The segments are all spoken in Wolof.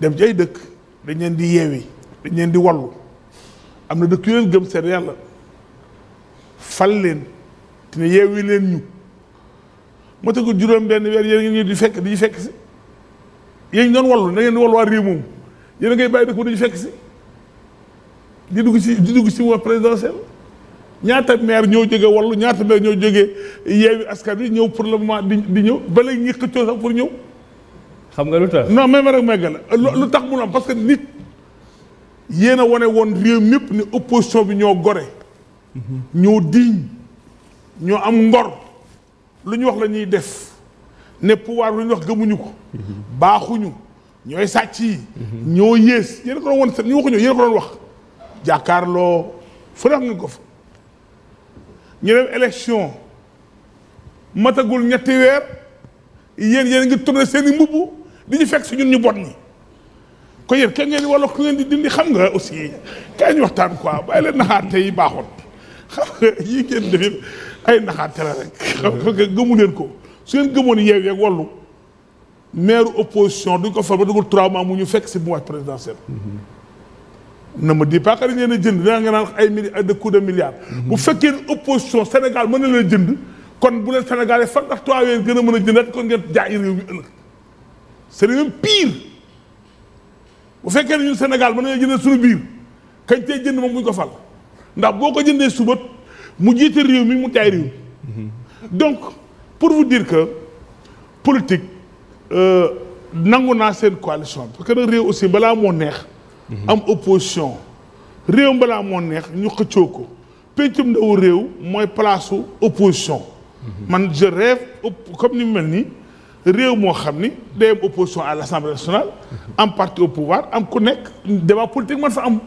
dem ci ay dëkk da leen di yeewi dañ ñeen di wallu am na dëkk yu leen gëm seen yàlla fal leen te ne yeewi leen ñu moo tax ko juróom benn weer yéen ngi ñu di fekk di fekk si yéen doon wallu na ngeen di wallu waa réew moom yéen ngay bàyyi dëkk ba duñu fekk si di dugg si di dugg si waa présidentielle ñaata meer ñoo jóge wallu ñaata maire ñoo jógee yeewi askan wi ñëw pour le moment di di ñëw ba léegi ñi xëccoo pour ñëw xam nga lu tax non même rek may gën lu tax mun am parce que nit yéen a wone woon réew mépp ni opposition bi ñoo gore ñoo diiñ ñoo am ngor lu ñu wax la ñuy def ne pouvoir lu ñu wax gëmuñu ko baaxuñu ñooy sàcc yi ñoo yées yéen a ko doon woon ñu waxuñu yéen a ko doon wax jàkkaarloo fu ne ngeen ko fa ñu dem élection matagul ñetti weer yéen yéen ngi tourné seen mbubb di ñu fekk ci ñun ñu bon ñi ko yéen kenn ngeen wala ku ngeen di dindi xam nga aussi kaay ñu waxtaan quoi bàyyi leen naxaate yi baaxoon xam nga yii ngeen def ay naxaate la rek xam nga gëmu leen ko su ngeen gëmoon yeew yeeg wallu maire opposition duñ ko fal ba dugul trois mois mu ñu fekk si bu waaj présidentielle na ma di pas que ngeen a jënd da nga ay mili de milliard mhm. bu fekkee opposition Sénégal mën na leen jënd kon bu leen Sénégal yi fan ndax trois weer gën a mën a jëndaat kon ngeen jaay réew mi ëllëg c'est même bu fekkee ne ñun Sénégal mën nañoo jëndee biir kañ tey jënd moom bu ko fal ndax boo ko jëndee subat mu jiite réew mi mu tay réew mhm. donc pour vous dire que politique euh, nangu naa seen coalition parce que nag réew aussi balaa moo neex mhm. am opposition réew balaa moo neex ñu xëccoo ko pencum ndaw réew mooy place opposition mhm. man je rêve comme ni mu mel nii réew moo xam ni day am opposition à l' assemblée nationale am parti au pouvoir am ku nekk débat politique man fa am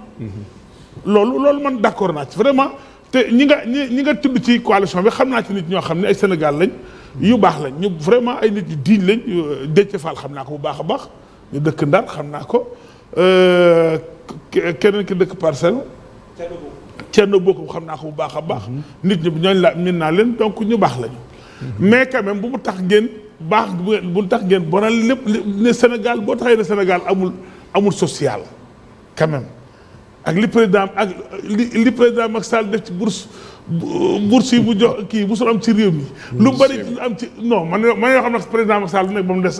loolu loolu man d' accord naa ci vraiment te ñi nga ñi ñi nga tudd ci coalition bi xam naa ci nit ñoo xam ne ay Sénégal lañ yu baax lañ ñu vraiment ay nit diiñ lañ Déthié Fall xam naa ko bu baax a baax ñu dëkk Ndar xam naa ko euh, keneen ki dëkk Parcelles Thierno Bocoum xam naa ko bu baax a baax nit ñi bu ñooñ la min naa leen donc ñu baax lañu mais quand même bu mu tax génn baax bu tax ngeen bonal lépp ne Sénégal boo taxee ne Sénégal amul amul social quand ak li président ak li li président Macky Sall def ci bourse bourse yi bu jox kii bu musul am ci réew mi. lu bari am ci non man man yoo xam ne président Macky Sall nekk ba mu des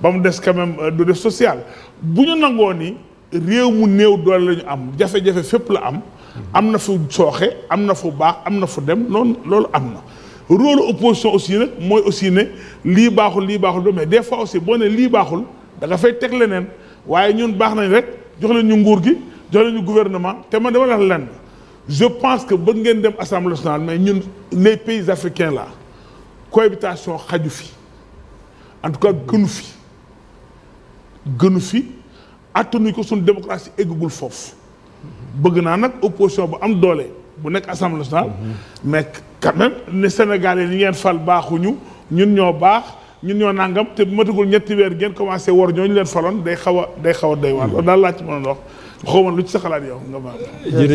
ba mu des quand même du def social bu ñu nangoo nii réew mu néew dool la ñu am jafe-jafe fépp la am. Mm-hmm. am na fu sooxe am na fu baax am na fu dem noonu loolu am na. rôle opposition aussi nag mooy aussi ne lii baaxul lii baaxul ba mais des fois aussi boo ne lii baaxul da nga fay teg leneen waaye ñun baax nañ rek jox leen ñu nguur gi jox leen ñu gouvernement te ma dama la lenn je pense que bëgg ngeen dem assemblée nationale mais ñun les pays africains la cohabitation xaju fi en tout cas gënu fi gënu fi attanuñ ko suñu démocratie eggagul foofu bëgg naa nag opposition bu am doole. bu nekk assemblée nationale. mais quand même ne Sénégalais yi ngeen fal baaxuñu ñun ñoo baax ñun ñoo nangam te bu matagul ñetti weer ngeen commencé war ñooñu leen faloon day xaw a day xaw a doy waar. daal laa ci mënoon wax xaw ma lu ci sa xalaat yow nga baax.